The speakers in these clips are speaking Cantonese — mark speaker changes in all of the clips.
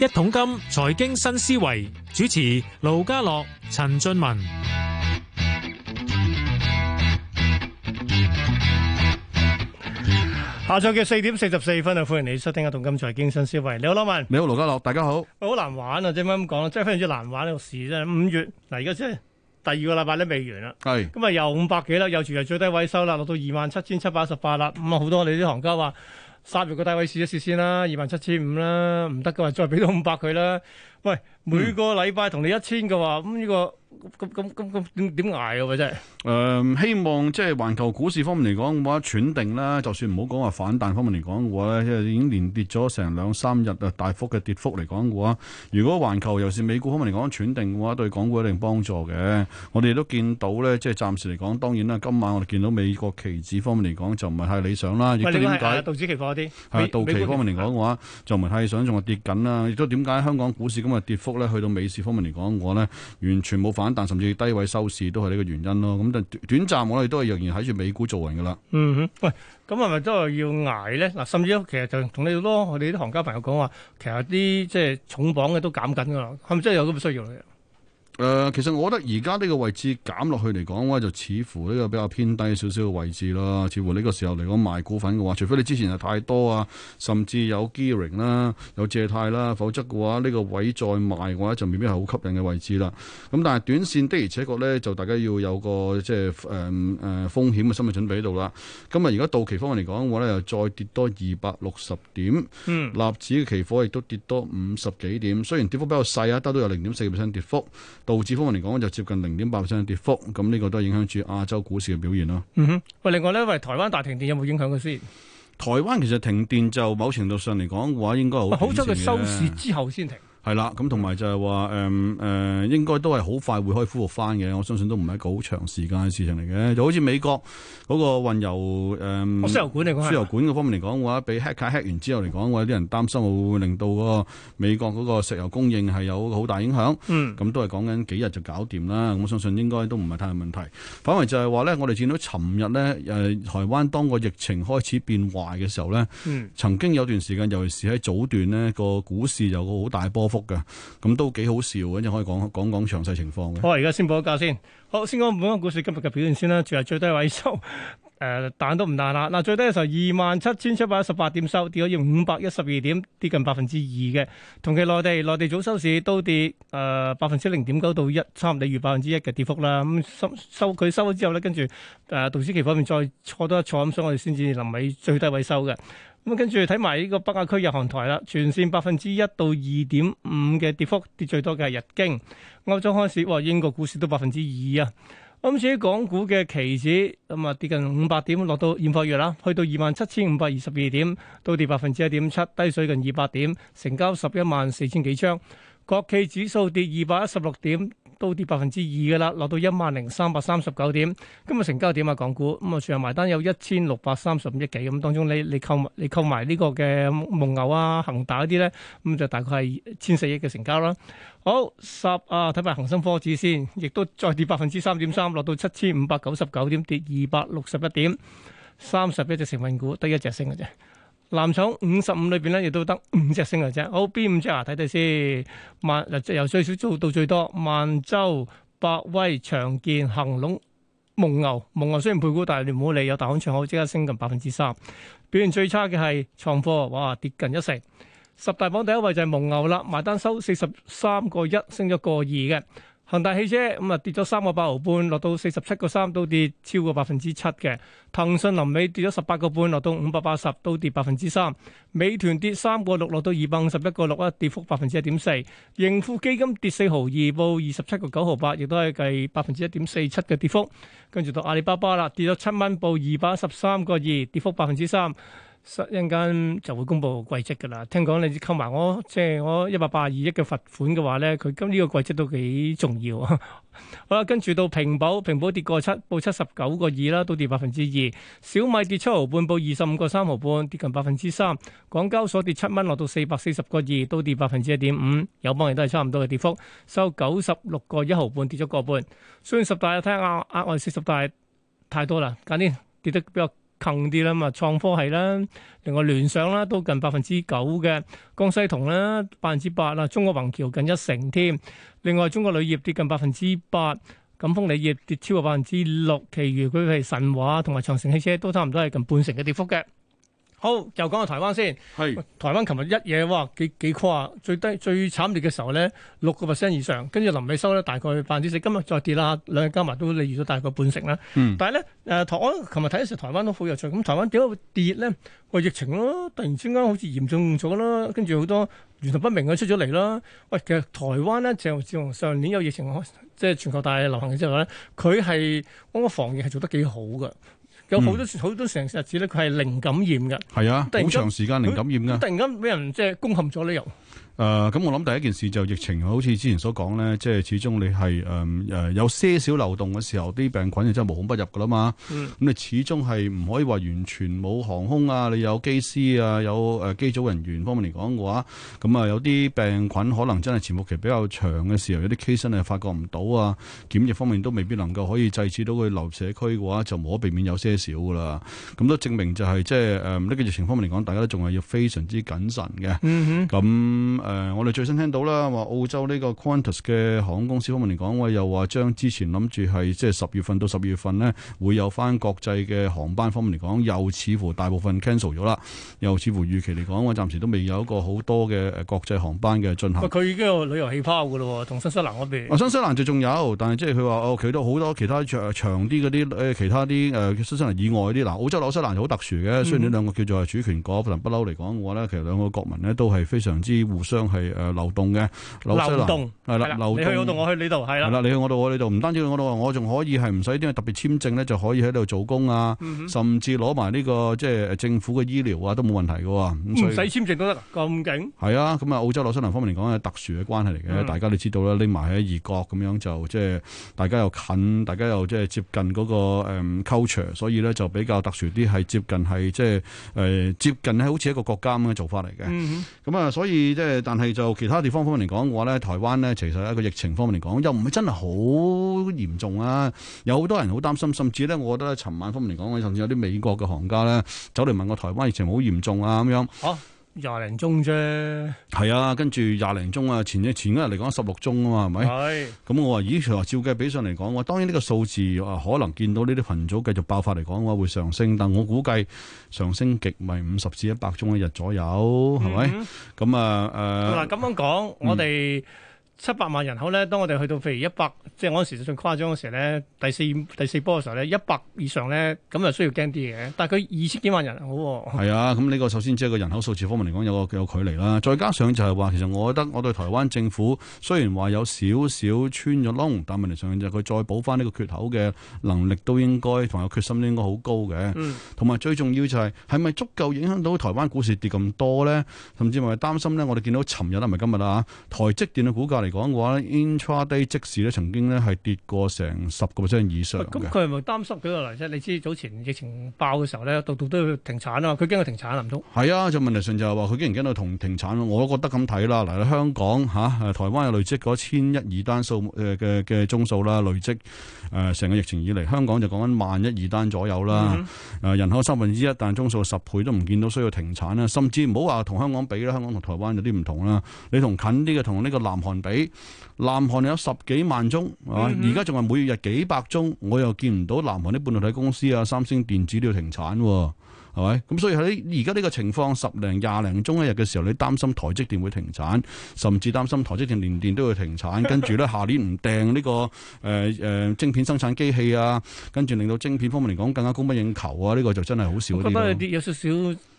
Speaker 1: 一桶金財經新思維，主持盧家樂、陳俊文，下晝嘅四點四十四分啊，歡迎你收聽《一桶金財經新思維》。你好，老文。你好，盧家樂，大家好。好難玩啊！即係咁講啦，真係非常之難玩呢個事真係。五月嗱，而家即係第二個禮拜都未完啦。係是。咁啊，又五百幾啦，又全日最低位收啦，落到二萬七千七百一十八啦。咁啊，好多你啲行家話。殺入個低位試一試先27，啦，二萬七千五啦，唔得嘅話再俾多五百佢啦。喂，嗯、每個禮拜同你一千嘅話，咁、嗯、呢、呢個。咁咁咁咁點點挨啊！咪
Speaker 2: 真誒，希望即係環球股市方面嚟講嘅話，喘定啦。就算唔好講話反彈方面嚟講嘅話咧，即係已經連跌咗成兩三日啊，大幅嘅跌幅嚟講嘅話，如果環球尤其是美股方面嚟講喘定嘅話，對港股一定幫助嘅。我哋都見到咧，即係暫時嚟講，當然啦，今晚我哋見到美國期指方面嚟講就唔係太理想啦。亦喂也都點解、啊？
Speaker 1: 道指期貨啲係道期奇、啊、方面
Speaker 2: 嚟講嘅話就唔係太想，仲係跌緊啦。亦都點解？香港股市今日跌幅咧，去到美市方面嚟講嘅話咧，完全冇。反彈甚至低位收市都係呢個原因咯，咁但短暫我哋都係仍然喺住美股做人嘅啦。
Speaker 1: 嗯哼，喂，咁係咪都係要捱咧？嗱，甚至其實就同你多我哋啲行家朋友講話，其實啲即係重磅嘅都減緊噶啦，係咪真係有咁嘅需要嚟？誒、呃，其
Speaker 2: 實我覺得而家呢個位置減落去嚟講，話就似乎呢個比較偏低少少嘅位置啦。似乎呢個時候嚟講賣股份嘅話，除非你之前係太多啊，甚至有 gearing 啦、啊，有借貸啦、啊，否則嘅話呢、呢個位再賣嘅話就未必係好吸引嘅位置啦。咁、嗯、但係短線的而且確咧，就大家要有個即係誒誒風險嘅心理準備喺度啦。今日而家到期方向嚟講嘅話咧，又再跌多二百六十點，嗯，納指嘅期貨亦都跌多五十幾點，雖然跌幅比較細啊，得到有零點四 percent 跌幅。道指方面嚟講，就接近零點八 percent 跌幅，咁呢個都係影響住亞洲股市嘅表現咯。嗯
Speaker 1: 哼，喂，另外呢，喂，台灣大停電有冇影響佢先？
Speaker 2: 台灣其實停電就某程度上嚟講嘅話，應該好。澳洲嘅收市
Speaker 1: 之後先停。
Speaker 2: 係啦，咁同埋就係話誒誒，應該都係好快會可以恢復翻嘅，我相信都唔係一個好長時間嘅事情嚟嘅。就好似美國嗰個運油誒，石、嗯哦、輸油管嚟講，輸油管嘅方面嚟講嘅話，俾黑客 hack 完之後嚟講，有啲人擔心會,會令到嗰美國嗰個石油供應係有好大影響。咁、嗯、都係講緊幾日就搞掂啦。我相信應該都唔係太大問題。反為就係話咧，我哋見到尋日咧誒台灣當個疫情開始變壞嘅時候咧，嗯、曾經有段時間，尤其是喺早段呢個股市有個好大波嘅，咁都幾好笑，咁就可以講講講詳細情況咯。
Speaker 1: 我而家先報一價先，好，先講本港股市今日嘅表現先啦。住係最低位收，誒、呃、彈都唔彈啦。嗱，最低嘅時候二萬七千七百一十八點收，跌咗要五百一十二點，跌近百分之二嘅。同期內地內地早收市都跌誒百分之零點九到一，差唔多逾百分之一嘅跌幅啦。咁收收佢收咗之後咧，跟住誒，道、呃、指期貨方面再挫多一挫，咁，所以我哋先至臨尾最低位收嘅。咁跟住睇埋呢個北亞區日韓台啦，全線百分之一到二點五嘅跌幅，跌最多嘅係日經。歐洲開始哇！英國股市都百分之二啊。咁、嗯、至於港股嘅期指，咁、嗯、啊跌近五百點，落到現貨月啦，去到二萬七千五百二十二點，倒跌百分之一點七，低水近二百點，成交十一萬四千幾張。國企指數跌二百一十六點。都跌百分之二噶啦，落到一萬零三百三十九點。今日成交點啊，港股咁啊，全日、嗯、埋單有一千六百三十五億幾咁，當中你你購你購埋呢個嘅蒙牛啊、恒大啲咧，咁、嗯、就大概係千四億嘅成交啦。好十啊，睇埋恒生科指先，亦都再跌百分之三點三，落到七千五百九十九點，跌二百六十一點，三十一隻成分股，得一隻升嘅啫。藍籌五十五裏邊咧，亦都得五隻升嘅啫。好，邊五隻啊，睇睇先。萬由最少做到最多，萬洲、百威、長健、恒隆、蒙牛、蒙牛雖然配股，但係你唔好理，有大行唱好，即刻升近百分之三。表現最差嘅係創科，哇，跌近一成。十大榜第一位就係蒙牛啦，埋單收四十三個一，升咗個二嘅。恒大汽車咁啊跌咗三個八毫半，落到四十七個三，都跌超過百分之七嘅。騰訊臨尾跌咗十八個半，落到五百八十，都跌百分之三。美團跌三個六，落到二百五十一個六啊，跌幅百分之一點四。盈富基金跌四毫二，報二十七個九毫八，亦都係計百分之一點四七嘅跌幅。跟住到阿里巴巴啦，跌咗七蚊，報二百十三個二，跌幅百分之三。一陣間就會公布季績噶啦，聽講你扣埋我，即係我一百八十二億嘅罰款嘅話咧，佢今呢個季績都幾重要。 好啦，跟住到平保，平保跌過七，報七十九個二啦，都跌百分之二。小米跌七毫半，報二十五個三毫半，跌近百分之三。港交所跌七蚊，落到四百四十個二，都跌百分之一點五。友邦亦都係差唔多嘅跌幅，收九十六個一毫半，跌咗個半。雖然十大睇下，額外四十大太多啦，揀啲跌得比較坑啲啦，嘛創科係啦，另外聯想啦都近百分之九嘅，江西銅啦百分之八啊，中國宏橋近一成添，另外中國鋁業跌近百分之八，贛鋒鋰業跌超過百分之六，其餘佢係神華同埋長城汽車都差唔多係近半成嘅跌幅嘅。好，又講下台灣先。係是台灣，琴日一夜哇，幾幾誇，最低最慘烈嘅時候咧，六個 percent 以上，跟住臨尾收咧大概百分之四，今日再跌啦，兩日加埋都你預咗大概半成啦。嗯、但係咧，誒、呃、台灣，琴日睇嘅時候台灣都好有趣。咁台灣點解會跌咧？喂，疫情咯，突然之間好似嚴重咗咯，跟住好多源頭不明嘅出咗嚟啦。喂，其實台灣咧，就自從上年有疫情，即係全球大流行之後咧，佢係嗰個防疫係做得幾好嘅。有好多好、嗯、多城市日子，咧，佢係零感染嘅，
Speaker 2: 好、係啊、長時間零感染嘅。突
Speaker 1: 然間俾人即係攻陷咗咧又。
Speaker 2: 誒咁，呃、我諗第一件事就疫情，好似之前所講咧，即係始終你係誒誒有些少漏洞嘅時候，啲病菌就真係無孔不入噶啦嘛。咁、嗯、你始終係唔可以話完全冇航空啊，你有機師啊，有誒機、呃、組人員方面嚟講嘅話，咁、嗯、啊有啲病菌可能真係潛伏期比較長嘅時候，有啲 case 係發覺唔到啊，檢疫方面都未必能夠可以制止到佢流入社區嘅話，就無可避免有些少噶啦。咁都證明就係、是、即係誒呢個疫情方面嚟講，大家都仲係要非常之謹慎嘅。咁、嗯誒、呃，我哋最新聽到啦，話澳洲呢個 Qantas 嘅航空公司方面嚟講，我又話將之前諗住係即係十月份到十月份呢，會有翻國際嘅航班方面嚟講，又似乎大部分 cancel 咗啦，又似乎預期嚟講，我暫時都未有一個好多嘅誒國際航班嘅進行。
Speaker 1: 佢已經有旅遊氣泡㗎啦，同新西蘭嗰邊。
Speaker 2: 新西蘭就仲有，但係即係佢話佢都好多其他長啲嗰啲誒，其他啲誒、呃、新西蘭以外啲嗱、呃，澳洲同新西蘭就好特殊嘅，雖然你兩個叫做係主權國不嬲嚟講嘅話呢，其實兩個國民呢都係非常之互相。係誒流動嘅，紐西蘭係啦，你去我度，我去呢度，係啦，係啦，你去我度，我呢度，唔單止去我度，我仲可以係唔使啲特別簽證咧，就可以喺度做工啊，嗯、哼甚至攞埋呢個即係、就是、政府嘅醫療啊，都冇問題嘅，唔使
Speaker 1: 簽證都得，咁勁
Speaker 2: 係啊！咁啊，澳洲紐西蘭方面嚟講係特殊嘅關係嚟嘅，嗯、大家都知道啦，匿埋喺異國咁樣就即係大家又近，大家又即係接近嗰、那個誒、嗯、culture，所以咧就比較特殊啲，係接近係即係誒接近喺好似一個國家咁嘅做法嚟嘅，咁啊、嗯哼，所以即係。但係就其他地方方面嚟講嘅話咧，台灣咧，其實一個疫情方面嚟講，又唔係真係好嚴重啊，有好多人好擔心，甚至咧，我覺得咧，尋晚方面嚟講，甚至有啲美國嘅行家咧，走嚟問我台灣疫情好嚴重啊咁樣。啊
Speaker 1: 廿零宗啫，
Speaker 2: 係 啊，跟住廿零宗啊，前，前一前嗰日嚟講十六宗啊嘛，係咪？咁我話，咦、嗯，話照計比上嚟講，我當然呢個數字啊，可能見到呢啲群組繼續爆發嚟講嘅話會上升，但我估計上升極咪五十至一百宗一日左右，係咪？咁啊誒，嗱
Speaker 1: 咁樣講，我哋。七百萬人口咧，當我哋去到譬如一百，即係嗰陣時最誇張嗰時咧，第四第四波嘅時候咧，一百以上咧，咁啊需要驚啲嘅。但係佢二千幾萬人好。
Speaker 2: 係啊，咁呢、啊、個首先即係個人口數字方面嚟講，有個有距離啦。再加上就係話，其實我覺得我對台灣政府雖然話有少少穿咗窿，但問題上就係佢再補翻呢個缺口嘅能力都應該同埋決心應該好高嘅。同埋、嗯、最重要就係係咪足夠影響到台灣股市跌咁多咧？甚至係擔心咧，我哋見到尋日啊，咪今日啦嚇，台積電嘅股價嚟講嘅話咧，intraday 即時咧，曾經咧係跌過成十個 percent 以上。咁佢係
Speaker 1: 咪擔心佢個累積？你知早前疫情爆嘅時候咧，度度都要停產啦。佢驚唔驚到同停
Speaker 2: 產？係啊，就問題上就係話佢驚唔驚到同停產。我都覺得咁睇啦。嗱，喺香港吓、啊，台灣有累積嗰千一二單數誒嘅嘅宗數啦，累積誒成個疫情以嚟，香港就講緊萬一二單左右啦。誒、嗯哼，人口三分之一，但係宗數十倍都唔見到需要停產啦。甚至唔好話同香港比啦，香港台灣同台灣有啲唔同啦。你同近啲嘅同呢個南韓比。南韓有十幾萬宗，係嘛？而家仲係每日幾百宗，我又見唔到南韓啲半導體公司啊、三星電子都要停產，係咪？咁所以喺而家呢個情況十零廿零宗一日嘅時候，你擔心台積電會停產，甚至擔心台積電連電都要停產，跟住咧下年唔訂呢個誒誒、呃、晶片生產機器啊，跟住令到晶片方面嚟講更加供不應求啊！呢、這個就真係好少。我覺
Speaker 1: 得有少少。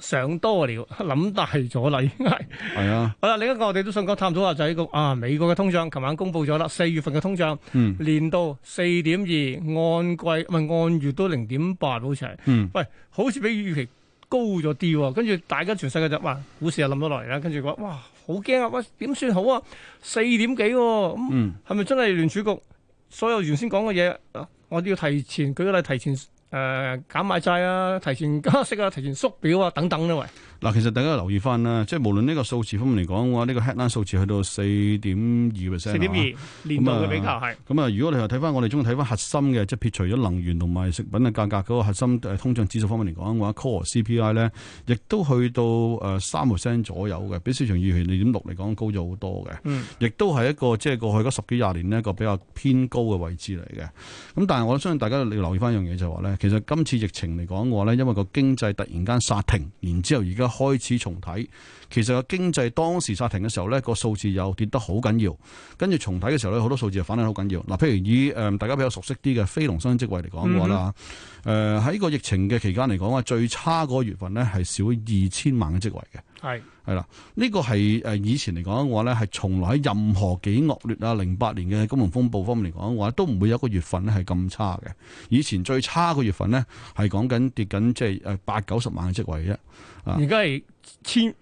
Speaker 1: 想多了，諗大咗啦，已經係。係 啊。好啦，另一個我哋都想講探討下就係個啊美國嘅通，通脹，琴晚公布咗啦，四月份嘅通脹，年度四點二，按季唔係按月都零點八，好似係。嗯。喂，好似比預期高咗啲喎，跟住大家全世界就話股市又冧咗落嚟啦，跟住話哇好驚啊，喂點算好啊？四點幾喎？咁係咪真係聯儲局所有原先講嘅嘢？我都要提前舉個例，提前。提前誒、呃、減買債啊，提前加息啊，提前縮表啊，等等呢、啊？喂！
Speaker 2: 嗱，其實大家留意翻啦，即係無論呢個數字方面嚟講嘅話，呢、呢個 headline 數字去到四點二 percent，四點二。咁啊，如果你哋睇翻我哋中意睇翻核心嘅，即係撇除咗能源同埋食品嘅價格嗰個核心通脹指數方面嚟講嘅話，core CPI 咧，亦、嗯啊、都去到誒三 percent 左右嘅，比市場預期二點六嚟講高咗好多嘅，亦都係一個即係過去嗰十幾廿年咧個比較偏高嘅位置嚟嘅。咁但係我相信大家你要留意翻一樣嘢就係話咧，其實今次疫情嚟講嘅話咧，因為個經,經濟突然間煞停,停,停，然之後而家開始重睇。其實個經濟當時煞停嘅時候咧，個數字又跌得好緊要。跟住重睇嘅時候咧，好多數字又反彈好緊要。嗱，譬如以誒大家比較熟悉啲嘅非農新增職位嚟講嘅話啦，誒喺、嗯哼呃、個疫情嘅期間嚟講啊，最差嗰個月份咧係少咗二千萬嘅職位嘅。係係啦，呢、這個係誒以前嚟講嘅話咧，係從來喺任何幾惡劣啊零八年嘅金融風暴方面嚟講嘅話，都唔會有一個月份咧係咁差嘅。以前最差個月份咧係講緊跌緊即係誒八九十萬嘅職位啫。而家係。
Speaker 1: 千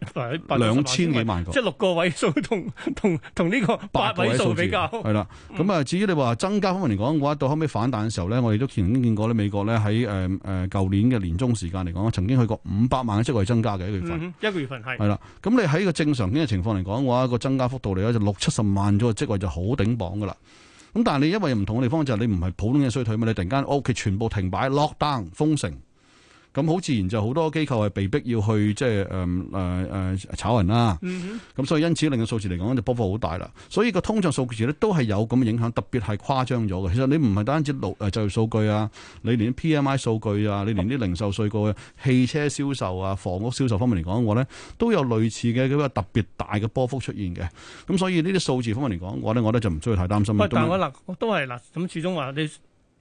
Speaker 1: 兩千幾萬個，即係六個位數同同同呢個八個位數比較，係啦、嗯。
Speaker 2: 咁啊，至於你話增加方面嚟講嘅話，到後尾反彈嘅時候咧，我哋都曾經見過咧，美國咧喺誒誒舊年嘅年終時間嚟講，曾經去過五百萬嘅職位增加嘅一個月份，嗯、
Speaker 1: 一個月份係係啦。
Speaker 2: 咁你喺個正常嘅情況嚟講嘅話，個增加幅度嚟講就六七十萬左右嘅職位就好頂榜噶啦。咁但係你因為唔同嘅地方就係、是、你唔係普通嘅衰退，嘛，你突然間屋企全部停擺、Lockdown、封城。咁好自然就好多機構係被逼要去即係誒誒誒炒人啦。咁、嗯、哼所以因此令一個數字嚟講就波幅好大啦。所以個通脹數字咧都係有咁嘅影響，特別係誇張咗嘅。其實你唔係單止錄誒就業數據啊，你連 P M I 數據啊，你連啲零售數據、汽車銷售啊、房屋銷售方面嚟講，我咧都有類似嘅嗰個特別大嘅波幅出現嘅。咁所以呢啲數字方面嚟講，我咧我咧就唔需要太擔心。但
Speaker 1: 係我都係啦，咁始終話你。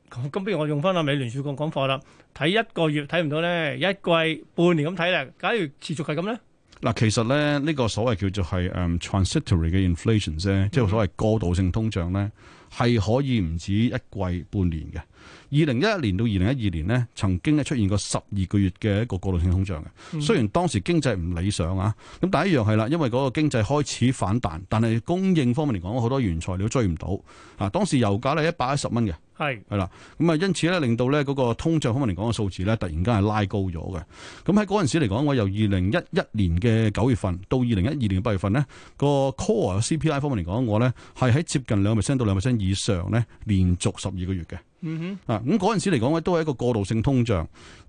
Speaker 1: 咁不如我用翻阿美聯儲講講課啦。睇一個月睇唔到咧，一季半年咁睇咧。假如持續係咁咧，
Speaker 2: 嗱，其實咧呢、這個所謂叫做係誒、um, transitory 嘅 inflation 啫、嗯，即係所謂過渡性通脹咧，係可以唔止一季半年嘅。二零一一年到二零一二年咧，曾經係出現過十二個月嘅一個過渡性通脹嘅。嗯、雖然當時經濟唔理想啊，咁但一樣係啦，因為嗰個經濟開始反彈，但係供應方面嚟講，好多原材料追唔到啊。當時油價咧一百一十蚊嘅。係，係啦，咁啊，因此咧，令到咧嗰個通脹方面嚟講嘅數字咧，突然間係拉高咗嘅。咁喺嗰陣時嚟講，我由二零一一年嘅九月份到二零一二年嘅八月份咧，嗰個 core CPI 方面嚟講，我咧係喺接近兩 percent 到兩 percent 以上咧，連續十二個月嘅。嗯哼，啊，咁嗰陣時嚟講，都係一個過渡性通脹，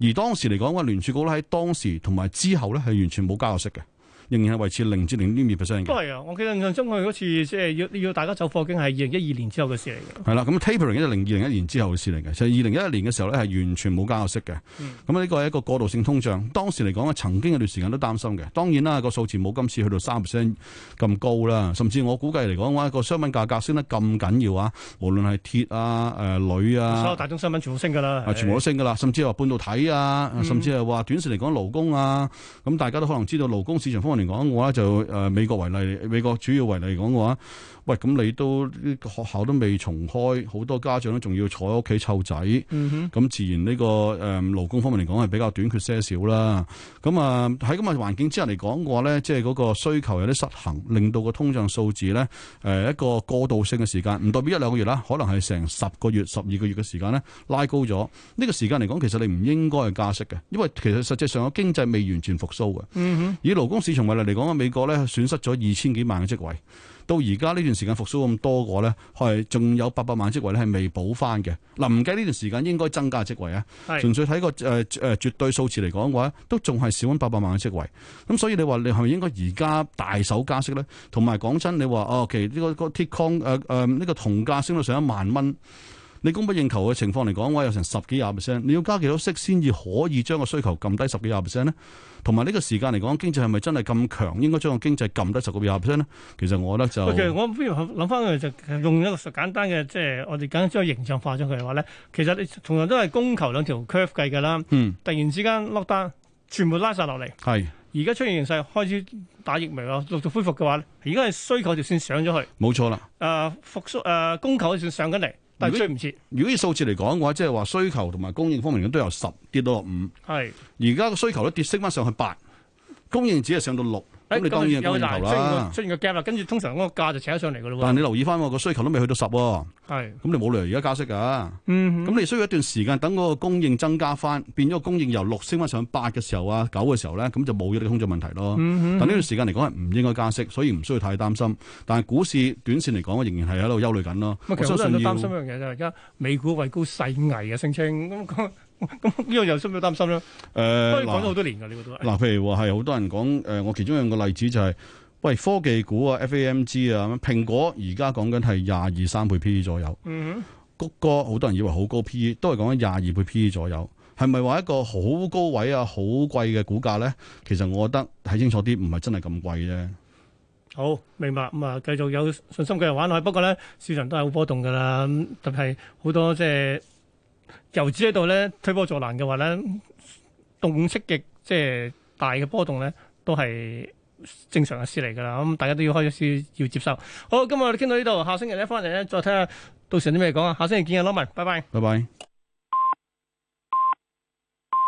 Speaker 2: 而當時嚟講嘅聯儲局咧喺當時同埋之後咧係完全冇加過息嘅。仍然係維持零至零點二 percent 嘅。都係啊！
Speaker 1: 我記得印象中國嗰次，即係要要大家走貨，經係二零一二年之後嘅事嚟
Speaker 2: 嘅。係啦，咁 tapering 一係零二零一年之後嘅事嚟嘅。就係二零一一年嘅時候咧，係完全冇加息嘅。咁呢個係一個過渡性通脹。當時嚟講曾經一段時間都擔心嘅。當然啦，個數字冇今次去到三 percent 咁高啦。甚至我估計嚟講話，個商品價格升得咁緊要啊，無論係鐵啊、誒、呃、鋁啊，所有大
Speaker 1: 宗商品全部升㗎啦。全部都
Speaker 2: 升㗎啦。甚至係話半導體啊，甚至係話短時嚟講勞工啊，咁、嗯、大家都可能知道勞工市場嚟講嘅話，就誒美國為例，美國主要為例嚟講嘅話。喂，咁你都呢個學校都未重開，好多家長都仲要坐喺屋企湊仔，咁、嗯、哼自然呢、呢個誒、呃、勞工方面嚟講係比較短缺些少啦。咁啊喺咁嘅環境之下嚟講嘅話咧，即係嗰個需求有啲失衡，令到個通脹數字咧誒、呃、一個過渡性嘅時間，唔代表一兩個月啦，可能係成十個月、十二個月嘅時間咧拉高咗。呢、呢個時間嚟講，其實你唔應該係加息嘅，因為其實實際上嘅經濟未完全復甦嘅。嗯哼，以勞工市場為例嚟講，喺美國咧損失咗二千幾萬嘅職位。到而家呢段時間復甦咁多個咧，係仲有八百萬職位咧係未補翻嘅。嗱唔計呢段時間應該增加職位啊，是純粹睇個誒誒、呃呃、絕對數字嚟講嘅話，都仲係少咗八百萬嘅職位。咁所以你話你係咪應該而家大手加息咧？同埋講真，你話哦，其、okay，呢、這個、那個鐵礦誒誒呢個銅價升到上一萬蚊，你供不應求嘅情況嚟講，話有成十幾廿 percent，你要加幾多息先至可以將個需求撳低十幾廿 percent 咧？呢同埋呢個時間嚟講，經濟係咪真係咁強？應該將個經濟撳得十個 percent 咧。其實我覺得就，其實、okay,
Speaker 1: 我不如諗翻就用一個實簡單嘅，即係我哋緊將形象化咗佢嘅話咧。其實你同樣都係供求兩條 curve 計噶啦。嗯，突然之間 lockdown，全部拉晒落嚟。係而家出現形勢開始打疫苗，陸續恢復嘅話咧，而家係需求條線上咗去，冇錯啦。誒、呃，復蘇誒，供求條線上緊嚟。但係
Speaker 2: 追唔切，如果以數字嚟講嘅話，即係話需求同埋供應方面都由十跌到落五，係而家嘅需求都跌升翻上去八，供應只係上到六。哎，你當然，然，然出現
Speaker 1: 個 gap 啦，跟住通常嗰個價就扯咗上嚟咯喎。但係你
Speaker 2: 留意翻喎，個需求都未去到十喎、啊。咁係你冇理由而家加息㗎、啊。
Speaker 1: 咁、嗯、哼你
Speaker 2: 需要一段時間等嗰個供應增加翻，變咗供應由六升翻上八嘅時候啊，九嘅時候咧，咁就冇咗啲個通脹問題咯。嗯、哼但呢段時間嚟講係唔應該加息，所以唔需要太擔心。但係股市短線嚟講，仍然係喺度憂慮緊咯。咪其實有人都擔心一樣嘢
Speaker 1: 就係而家美股為高勢危啊，聲稱咁咁呢個又需唔需要擔心咧？
Speaker 2: 誒、呃，講咗好多年噶，呢個都。嗱，譬、呃、如話係好多人講，誒、呃，我其中有個例子就係、是，喂，科技股啊 FAMG 啊，蘋果而家講緊係廿二三倍 P E 左右。嗯、哼谷歌，好多人以為好高 P E，都係講緊廿二倍 P E 左右。係咪話一個好高位啊，好貴嘅股價咧？其實我覺得睇清楚啲，唔係真係咁貴啫。
Speaker 1: 好，明白。咁、嗯、啊，繼續有信心繼續玩落去。不過咧，市場都係好波動噶啦，特別係好多即係。油脂喺度咧推波助瀾嘅話咧，動息極即係大嘅波動咧，都係正常嘅事嚟噶啦。咁大家都要開咗先要接受。好，今日我哋傾到呢度，下星期咧翻嚟咧再睇下，到時有啲咩講啊。下星期見阿 Lo 拜拜，拜拜。